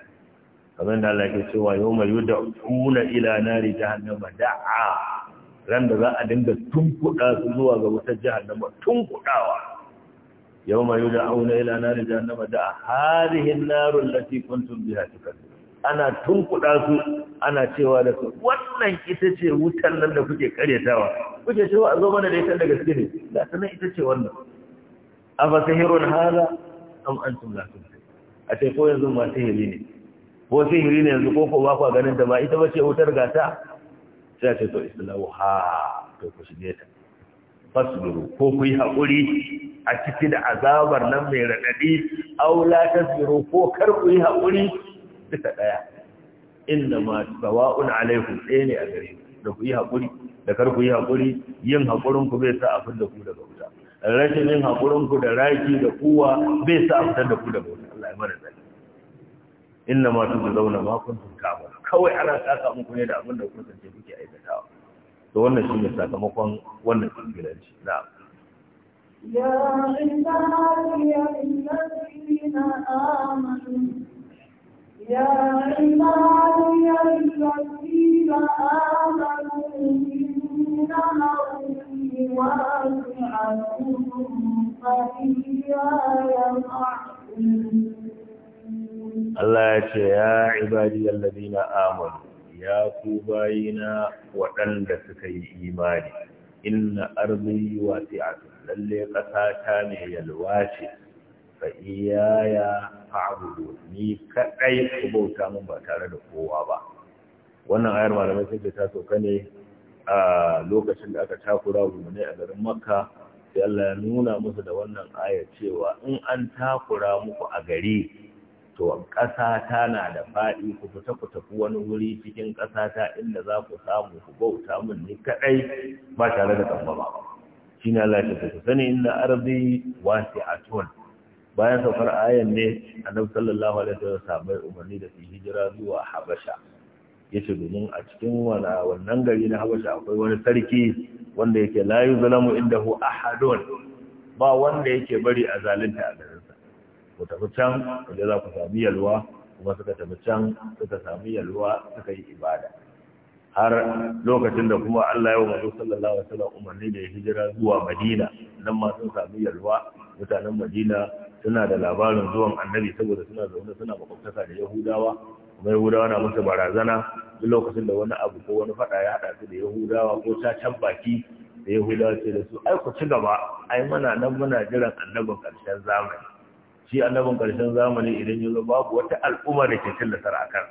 S2: kamar da Allah ke cewa yau mai una ila nari jahannama da'a ran da za a dinga tunkuɗa su zuwa ga wutar jahannama tunkuɗawa yau ma yi da'auna ila na rija na mada a harihin narun lati kuntum biya ana tunkuɗa su ana cewa da su wannan ita ce wutan nan da kuke karyatawa kuke cewa a zo mana da ita daga gaske ne da ta ita ce wannan a fasahirun hala am antum la tunkuɗa a ce ko yanzu ma sihiri ne ko sihiri ne yanzu ko ko ba kwa ganin ta ba ita ba ce wutar gata sai ce to islamu ha to ku shige ta fasbiru ko ku yi haƙuri a ciki da azabar nan mai raɗaɗi aula tasbiru ko kar ku yi haƙuri duka ɗaya inda ma sawa'un alaikum ɗaya ne a gare da ku yi haƙuri da kar ku yi haƙuri yin haƙurin ku bai sa a fitar da ku daga wuta rashin yin haƙurin ku da raki da kuwa bai sa a fitar da ku daga wuta Allah ya mara zai inna ma tu zauna ma kuntum ta'malu kawai ana saka muku ne da abin da kuka ce kuke aikatawa to wannan shine sakamakon wannan kabilanci na
S1: ya ibadiy ya ibadiy amanu inna ma'awi wa'adukum
S2: Allah ya ce ya ibadiyar ladina amanu ya ku bayina waɗanda suka yi imani inna arzi wasi'atu lalle ƙasa ta ne yalwa ce fa iyaya fa'budu ni kadai ku bauta mun ba tare da kowa ba wannan ayar malamai sai ta soka ne a lokacin da aka takura gumane a garin makka sai Allah ya nuna musu da wannan ayar cewa in an takura muku a gari to ƙasa ta na da faɗi ku fita ku tafi wani wuri cikin ƙasa ta inda za ku samu ku bauta min ni kaɗai ba tare da ƙamba ba shi ne Allah ya ku sani inna arzi wasi a tuwan bayan saukar ayan ne annabi sallallahu alaihi wasallam sabai umarni da su hijira zuwa habasha yace domin a cikin wannan gari na habasha akwai wani sarki wanda yake la yuzlamu indahu ahadun ba wanda yake bari a zalunta a gari. ku tafi can inda za ku sami yalwa kuma suka tafi can suka sami yalwa suka yi ibada har lokacin da kuma Allah ya umaru sallallahu alaihi wasallam umarni da ya hijira zuwa Madina nan ma sun sami yalwa mutanen Madina suna da labarin zuwan Annabi saboda suna zaune suna makwabtaka da Yahudawa kuma Yahudawa na musu barazana duk lokacin da wani abu ko wani fada ya hada su da Yahudawa ko ta can baki da Yahudawa ce da su ai ku ci gaba ai mana nan muna jiran annabin karshen zamani shi annabin ƙarshen zamani idan yanzu babu wata al'umma da ke nasara a kan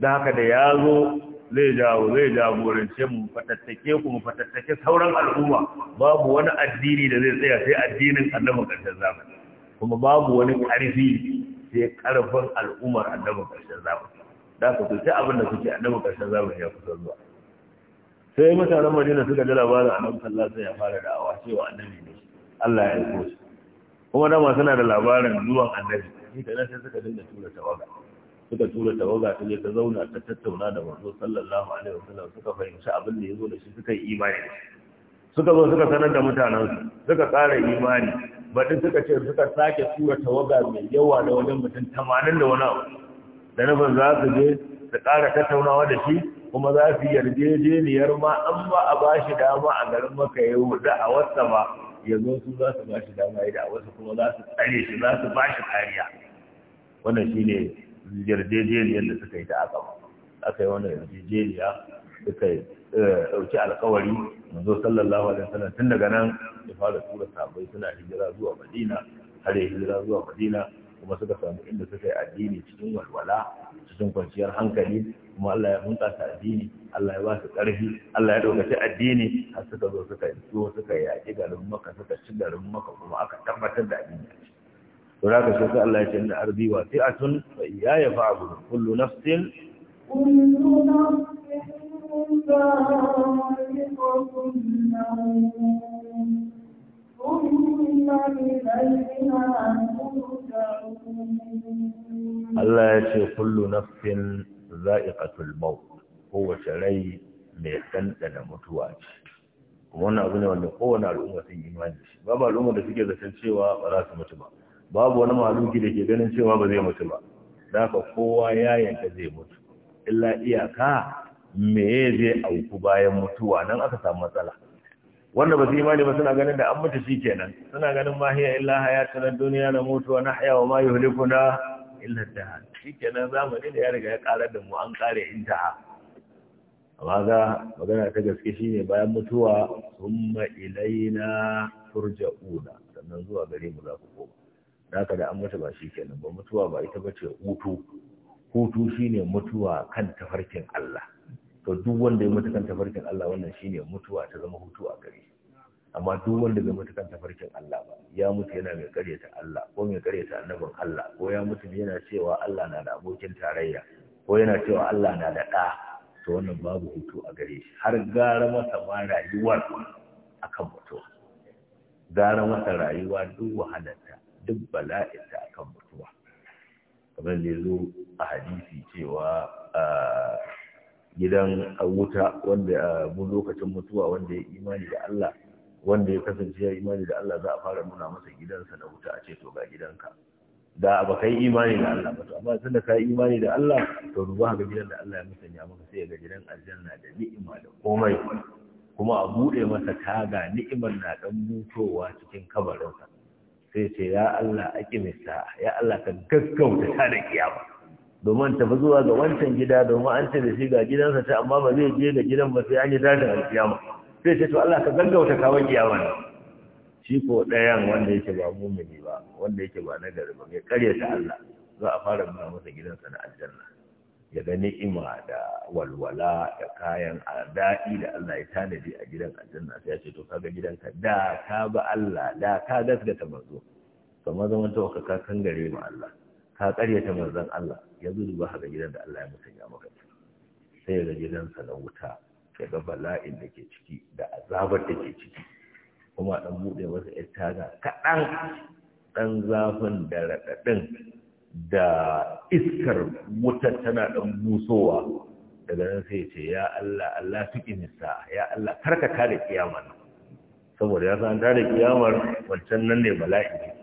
S2: da haka da ya zo zai jawo zai jagorance mu fatattake ku mu fatattake sauran al'umma babu wani addini da zai tsaya sai addinin annabin ƙarshen zamani kuma babu wani ƙarfi sai ƙarfin al'ummar annabin ƙarshen zamani da haka sai abin da kuke annabin ƙarshen zamani ya kusa zuwa sai mutanen madina suka ji labarin annabi sallallahu alaihi wasallam ya fara da'awa cewa annabi ne Allah ya aiko shi kuma dama suna da labarin zuwan annabi shi ta sai suka dinga tura tawaga suka tura tawaga ta je ta zauna ta tattauna da manzo sallallahu alaihi wasallam suka fahimci abin da yazo da shi suka yi imani suka zo suka sanar da mutanen suka tsara imani baɗin suka ce suka sake tura tawaga mai yawa da wajen mutum tamanin da wani abu da nufin za su je su ƙara tattaunawa da shi kuma za su yarjejeniyar ma an ba a ba shi dama a garin maka ya yi a wasa ba yanzu su za su ba shi dama ya da wasu kuma za su tsare shi za su ba shi kariya wannan shi ne yarjejeniyar da suka yi ta aka aka yi wannan yarjejeniya suka eh, ɗauki alkawari zo sallallahu alaihi wasallam tun daga nan ya fara tura sabai suna hijira zuwa madina har ya hijira zuwa madina kuma suka samu inda suka yi addini cikin walwala cikin kwanciyar hankali kuma Allah ya bunƙasa addini Allah ya ba su ƙarfi Allah ya ɗaukaci addini har suka zo suka zo suka yaƙi garin maka suka ci garin maka kuma aka tabbatar da addini to za ka sai Allah ya ce inna ardi fi'atun fa iyaya fa'budu kullu nafsin
S1: kullu nafsin Allah ya ce
S2: kullu nafsin za'iqatul maut kowace rai mai da mutuwa ce wannan abu ne wanda kowane al'umma sun yi imani shi babu al'umma da suke zaton cewa ba za su mutu ba babu wani maluki da ke ganin cewa ba zai mutu ba da haka kowa ya yanka zai mutu illa iyaka me zai auku bayan mutuwa nan aka samu matsala wanda ba su imani ba suna ganin da an mutu shi kenan suna ganin ma hiya illa hayatu na duniya na mutu wa nahya wa ma yuhlikuna illa dahar shi kenan zamani da ya riga ya karar da mu an kare intaha amma ga magana ta gaske shine bayan mutuwa summa ilaina turja'una sannan zuwa gare mu za ku koma haka da an mutu ba shi kenan ba mutuwa ba ita bace hutu hutu shine mutuwa kan tafarkin Allah to duk wanda ya mutu kan tafarkin Allah wannan shine mutuwa ta zama hutu a gare amma duk wanda bai mutu kan tafarkin Allah ba ya mutu yana mai karyata Allah ko mai karyata annabin Allah ko ya mutu yana cewa Allah na da abokin tarayya ko yana cewa Allah na da ɗa to wannan babu hutu a gare shi har gara masa ma rayuwar akan mutuwa gara masa rayuwa duk wahalarta duk bala'inta akan mutuwa kamar da zo a hadisi cewa ah, gidan wuta wanda mun lokacin mutuwa wanda ya imani da Allah wanda ya kasance ya imani da Allah za a fara nuna masa gidansa na wuta a ce to ga gidanka da ba kai imani da Allah ba to amma sanda ka imani da Allah to ruwa ga gidan da Allah ya musanya maka sai ga gidan aljanna da ni'ima da komai kuma a bude masa taga ni'imar na dan mutowa cikin kabarinsa sai ce ya Allah aqimi ya Allah ka gaggauta ta da kiyama domin tafi zuwa ga wancan gida domin an ta da shi ga gidansa ta amma ba zai je ga gidan ba sai an yi tashin alkiyama sai ce to Allah ka gaggauta kawo kiyama shi ko ɗayan wanda yake ba mumini ba wanda yake ba na gari ba mai karya ta Allah za a fara nuna masa gidansa na aljanna ya ga ni'ima da walwala da kayan adadi da Allah ya tanadi a gidan aljanna sai ya ce to kaga gidanka da ka ba Allah da ka gaskata manzo kamar zaman ta ka kan gare mu Allah ka karyata manzon Allah ya zuzuba haka gidan da Allah ya ya maka sai ga gidansa na wuta ya ga bala'in da ke ciki da azabar da ke ciki kuma dan buɗe masa ya taga kaɗan ɗan zafin da raɗaɗin da iskar wuta tana ɗan musowa. daga nan sai ce ya Allah Allah tuki nisa ya Allah karka kare kiyamar saboda ya san da kiyamar wancan nan ne bala'i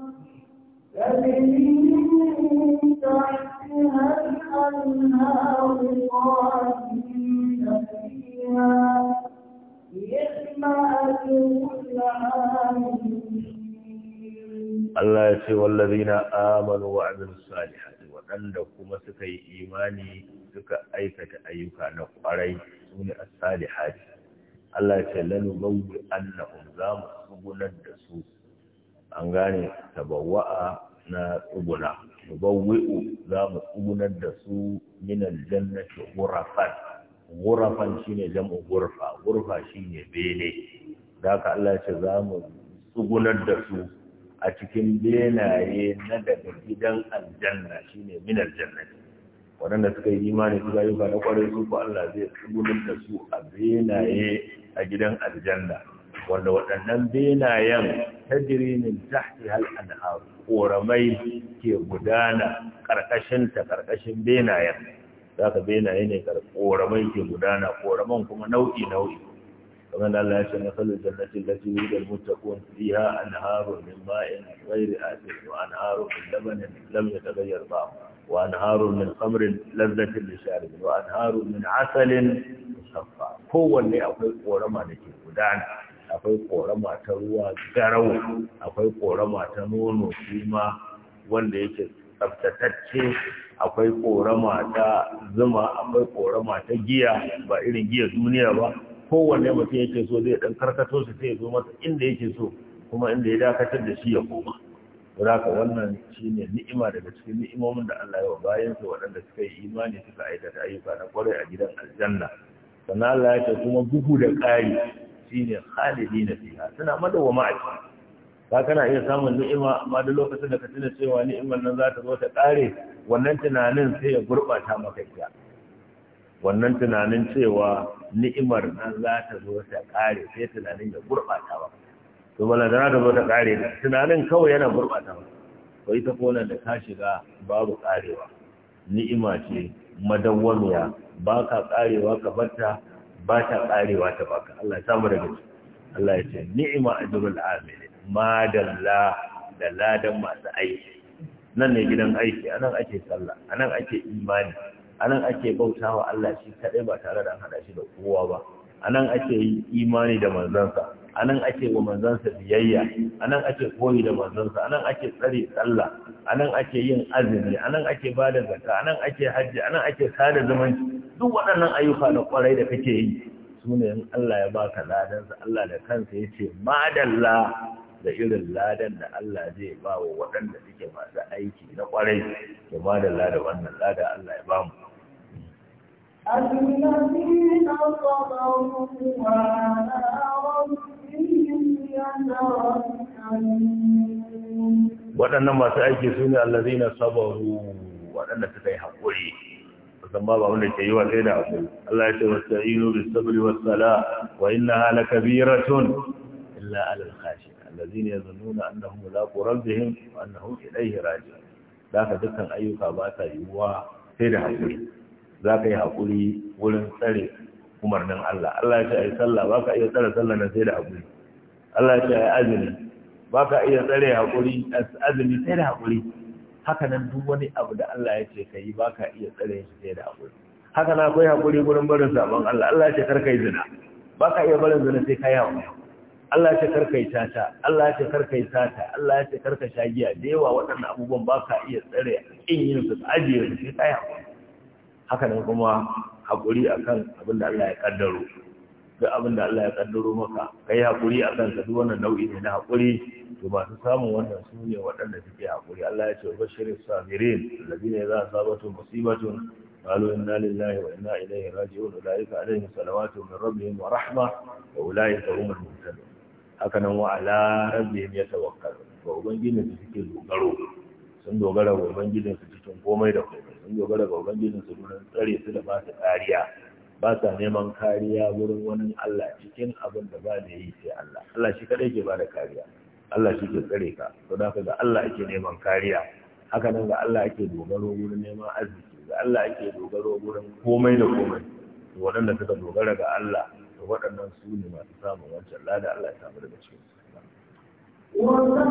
S2: Allah ya ce na amanu wa amilu salihati waɗanda kuma suka yi imani suka aikata ayyuka na ƙwarai su ne as-salihati Allah ya ce lalubau bawwi annahum za mu da su an gane tabawa'a na tsuguna mubawwi'u za mu tsugunar da su min aljannati ghurafan ghurafan shine jam'u ghurfa ghurfa shine bene da ka Allah ce za mu tsugunar da su a cikin benaye na daga gidan aljanna shine min aljannati waɗanda suka yi imani su ga yuka na kwarai su ko Allah zai tsugunar da su a benaye a gidan aljanna wanda waɗannan benayen tajirinin tahti hal anhar koramai ke gudana ƙarƙashin ta ƙarƙashin benayen Za ka benaye ne koramai ke gudana koraman kuma nau'i nau'i kamar da Allah ya ce masalul jannati allati yuridu al-muttaqun fiha anharun min ma'in ghayri asin wa anharun min labanin lam yataghayyar ta'amuhu وأنهار من خمر لذة للشارب وأنهار من asalin مصفى kowanne akwai أقول da ke gudana. akwai korama ta ruwa garau akwai korama ta nono ma wanda yake tsaftatacce akwai korama ta zuma akwai korama ta giya ba irin giya duniya ba kowanne mutum yake so zai dan karkato su sai zo masa inda yake so kuma inda ya dakatar da shi ya koma ka wannan shine ni'ima daga cikin ni'imomin da Allah ya wa bayan su waɗanda suka yi imani suka aikata ayyuka na kwarai a gidan aljanna sannan Allah ya ce kuma bugu da ƙari khalidi na fiha suna madawama a ciki ka kana iya samun ni'ima amma duk lokacin da ka tuna cewa ni'imar nan za ta zo ta ƙare wannan tunanin sai ya gurɓata maka ita wannan tunanin cewa ni'imar nan za ta zo ta ƙare sai tunanin ya gurɓata maka to bala da ta zo ta ƙare tunanin kawai yana gurɓata maka ko ita ko nan da ka shiga babu ƙarewa ni'ima ce madawwamiya ba ka ƙarewa ka batta ba ta karewa ta baka Allah ya samu daga ciki Allah ya ce ni'ma ajrul amil ma da ladan masu aiki nan ne gidan aiki anan ake sallah anan ake imani anan ake bautawa Allah shi kadai ba tare da hada shi da kowa ba anan ake yi imani da manzansa anan ake wa manzansa biyayya anan ake koyi da manzansa anan ake tsare sallah anan ake yin azumi anan ake bada zakka anan ake hajji anan ake sada zumunci duk waɗannan ayyuka na kwarai da kake yi sune in Allah ya baka ladan sa Allah da kansa yace madalla da irin ladan da Allah zai ba wa waɗanda suke masu aiki na kwarai ya madalla da wannan ladan Allah ya bamu
S1: waɗannan
S2: masu aiki su ne na sabaru waɗanda suka yi haƙuri musamman ba wanda ke yi wa sai da haƙuri Allah ya ce wasta'inu bis sabri wasu sala wa innaha lakabiratun illa alal nuna an da hun mulaqu rabbihim wa annahum ilayhi raji'un da ka dukkan ayyuka ba ta yiwuwa sai da haƙuri za ka yi haƙuri wurin tsare umarnin Allah Allah ya ce a yi sallah ba ka iya tsare sallah na sai da haƙuri Allah ya ce a yi azumi ba ka iya tsare haƙuri azumi sai da haƙuri haka nan duk wani abu da Allah ya ce ka yi ba ka iya tsare shi sai da haƙuri haka na akwai haƙuri wurin barin sabon Allah Allah ya ce kar ka yi zina ba ka iya barin zina sai ka yi haƙuri Allah ya ce kar ka yi tata, Allah ya ce kar ka yi tata, Allah ya ce ka sha giya da yawa waɗannan abubuwan ba ka iya tsare in yin su ajiye su sai ka yi haƙuri. hakanan kuma haƙuri akan abin da Allah ya kaddaro duk abin Allah ya kaddaro maka kai haƙuri akan ka duk wannan nau'i ne na hakuri to masu samun wannan su ne waɗanda suke haƙuri Allah ya ce wa bashirin sabirin alladhina idza sabato musibatun قالوا إنا لله وإنا إليه راجعون أولئك عليهم صلوات من ربهم ورحمة وأولئك هم المهتدون هكذا وعلى ربهم يتوكلون وأبنجين سكين دوغرو سن su وأبنجين komai da دوغرو sun dogara da ubangijin su gurin tsare su da ba su kariya ba sa neman kariya wurin wani Allah cikin abin da ba da yi sai Allah Allah shi kadai ke ba da kariya Allah shi ke tsare ka to da ga Allah ake neman kariya haka nan ga Allah ake dogaro wurin neman arziki ga Allah ake dogaro wurin komai da komai waɗanda suka dogara ga Allah to waɗannan su ne masu samun wancan lada Allah ya samu daga cikin na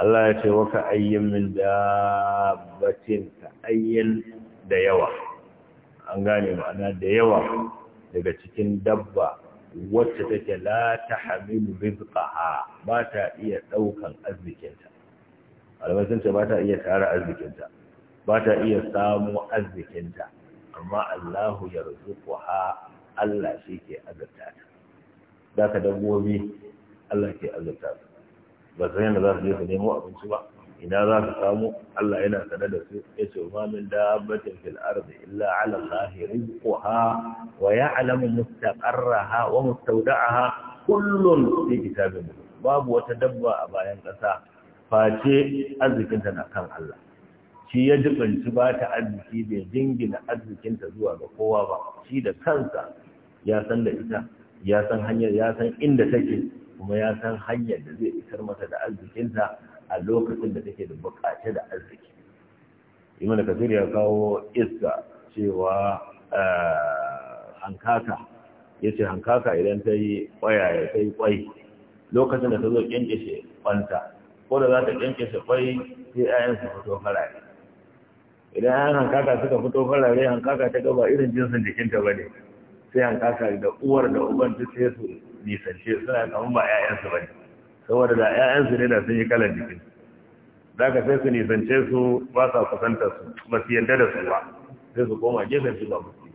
S2: Allah ya ce waka ayyin min dabbatin ka ayyin da yawa an gane ma'ana da yawa daga cikin dabba wacce take la ta hamilu rizqaha ba ta iya daukan arzikinta alwasan ce ba ta iya tara arzikinta ba ta iya samu arzikinta amma Allahu yarzuquha Allah shi ke azurta ta zaka dabbobi Allah ke azurta su ba zai yana za su je su nemo abinci ba ina za ka samu Allah yana sane da su ya ce ma min dabbatin fil ardi illa ala Allahi rizquha wa ya'lamu mustaqarraha wa mustawda'aha kullun fi kitabin babu wata dabba a bayan ƙasa face arzikinta na kan Allah shi ya jibanci ba ta arziki bai jingina arzikinta zuwa ga kowa ba shi da kansa ya san da ita ya san hanyar ya san inda take kuma ya san hanyar da zai isar masa da arzikinta a lokacin da take da bukace da arziki imanu kasir ya kawo iska cewa eh, hankaka ya ce hankaka idan ta yi ƙwayaya ta yi ƙwai lokacin da ta zo ƙyanƙyashe kwanta ko da za ta ƙyanƙyashe ƙwai sai ‘ya'yansu fito farare idan ‘ya'yan hankaka suka fito farare hankaka ta gaba irin jinsin jikinta ba ne sai hankaka da uwar da uban ta sai su nisance suna kamar ba ‘ya'yansu ba ne saboda da 'ya'yansu ne da sun yi kalan jikin da ka sai su nisance su ba sa kusanta su ba yadda da su ba sai su koma gefen su ba musu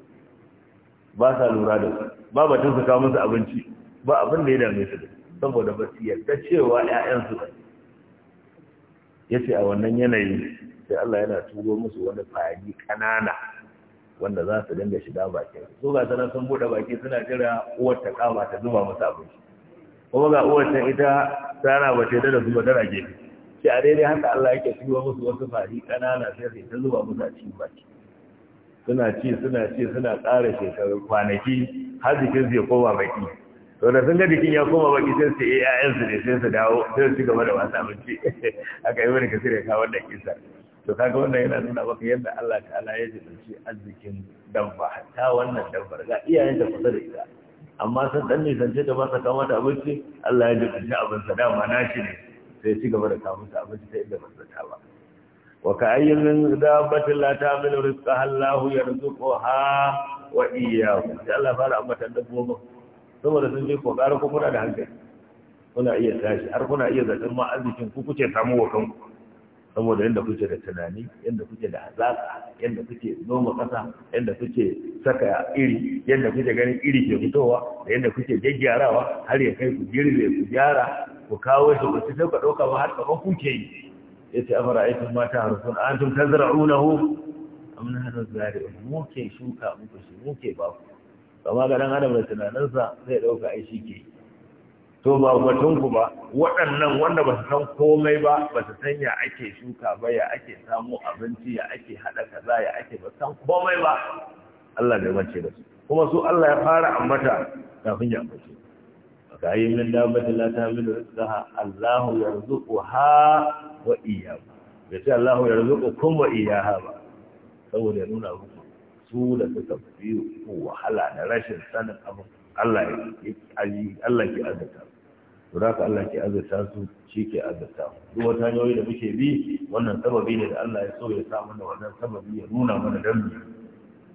S2: ba sa lura da su ba batun su kawo musu abinci ba abin da ya dame su da saboda ba su yadda cewa 'ya'yansu ba ya ce a wannan yanayi sai Allah yana turo musu wani fari ƙanana wanda za su dinga shiga bakin su ga sanar sun buɗe baki suna jira uwar ta kama ta zuba musu abinci kuma ga uwar ta ita tsara ba ta da zuwa tana gefe shi a daidai haka Allah yake tuba musu wasu fari kanana sai sai ta zuba musu a cikin baki suna ci suna ci suna ƙara shekaru kwanaki har jikin zai koma baki to da sun ga jikin ya koma baki sai su yi eh, ƴaƴan su ne sai su dawo sai su gaba da wasu abinci [LAUGHS] aka yi wani kasir ya kawo da kisa to kaga wannan yana nuna maka yadda Allah ta'ala ya jibanci arzikin dabba ta wannan dabbar ga iyayen da kusa da ita amma sun dan nisance da ba sa kawo abinci Allah ya ji abin sa dama na shi ne sai ci gaba da kama da abinci ta inda ba ta ba wa ka ayyin min dabbatin la ya rizqaha Allah yarzuquha wa iyyakum sai Allah fara ambatan dabbobin saboda sun je kokarin ku kuna da hankali kuna iya tashi har kuna iya zaton ma arzikin ku kuke samu wa kanku saboda yadda kuke da tunani yadda kuke da hazaka yadda kuke noma kasa yadda kuke saka iri yadda kuke ganin iri ke fitowa da yadda kuke gyaggyarawa har ya kai ku girbe ku gyara ku kawo shi ku sai ku dauka ba har kaman kuke yi yace afara aikin mata harsun antum tazra'unahu am nahnu zari'un ke shuka muku shi ba ku amma ga dan adam da tunaninsa zai dauka aiki ke yi to ba ku ba waɗannan wanda ba su san komai ba ba su san ya ake shuka ba ya ake samu abinci ya ake haɗa kaza ya ake ba san komai ba Allah bai mace da su kuma su Allah ya fara ambata kafin ya mace ka yi min dabbati la ta min rizqaha Allahu yarzuquha wa iyyaha bai ce Allahu yarzuqukum wa iyyaha ba saboda ya nuna muku su da suka fi wahala da rashin sanin abu Allah ya Allah ya azaka to da Allah ke azurta su shi ke azurta duk wata hanyoyi da muke bi wannan sababi ne da Allah ya so ya sa mana wannan sababi ya nuna mana dan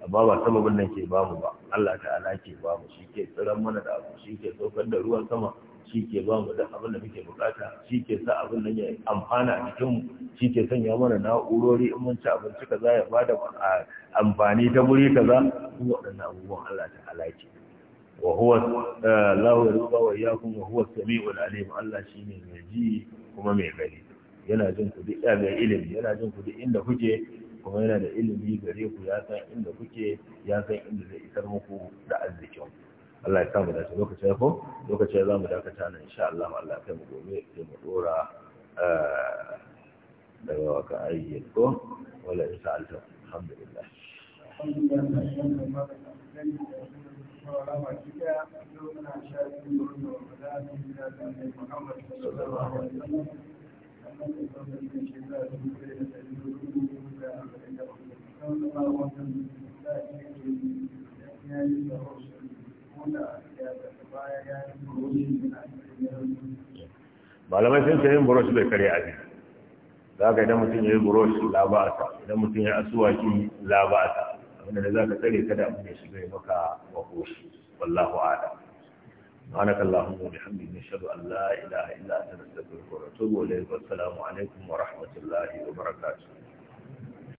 S2: amma ba sababin nan ke bamu ba Allah ta ala ke bamu shi ke tsiran mana da abu shi ke saukar da ruwan sama shi ke bamu da abin da muke bukata shi ke sa abin nan ya amfana a cikin shi ke sanya mana na'urori in mun ci abinci kaza ya bada amfani ta wuri kaza duk waɗannan abubuwan Allah ta ala ke. وهو الله يرضى وإياكم وهو السميع العليم الله شيء من يجي كما shine mai yana jin ku duk ga eh, ilimi yana jin ku duk inda kuke kuma yana da ilimi gare ku ya san inda kuke ya san inda zai isar muku da arzikin Allah ya sa mu dace lokacin ko lokacin za mu dakata nan insha Allah mu Allah kai mu gobe sai mu dora eh, daga waka ayyuka ko wala insha Allah alhamdulillah malamai sun sayin burosh bai kare abin za ka idan mutum ya yi burosh labata idan mutum ya shi labata abinda da za ka tsare kada abin ya shiga maka makoshi wallahu a'lam سبحانك اللهم وبحمدك نشهد ان لا اله الا
S1: انت نستغفرك ونتوب اليك والسلام عليكم ورحمه الله وبركاته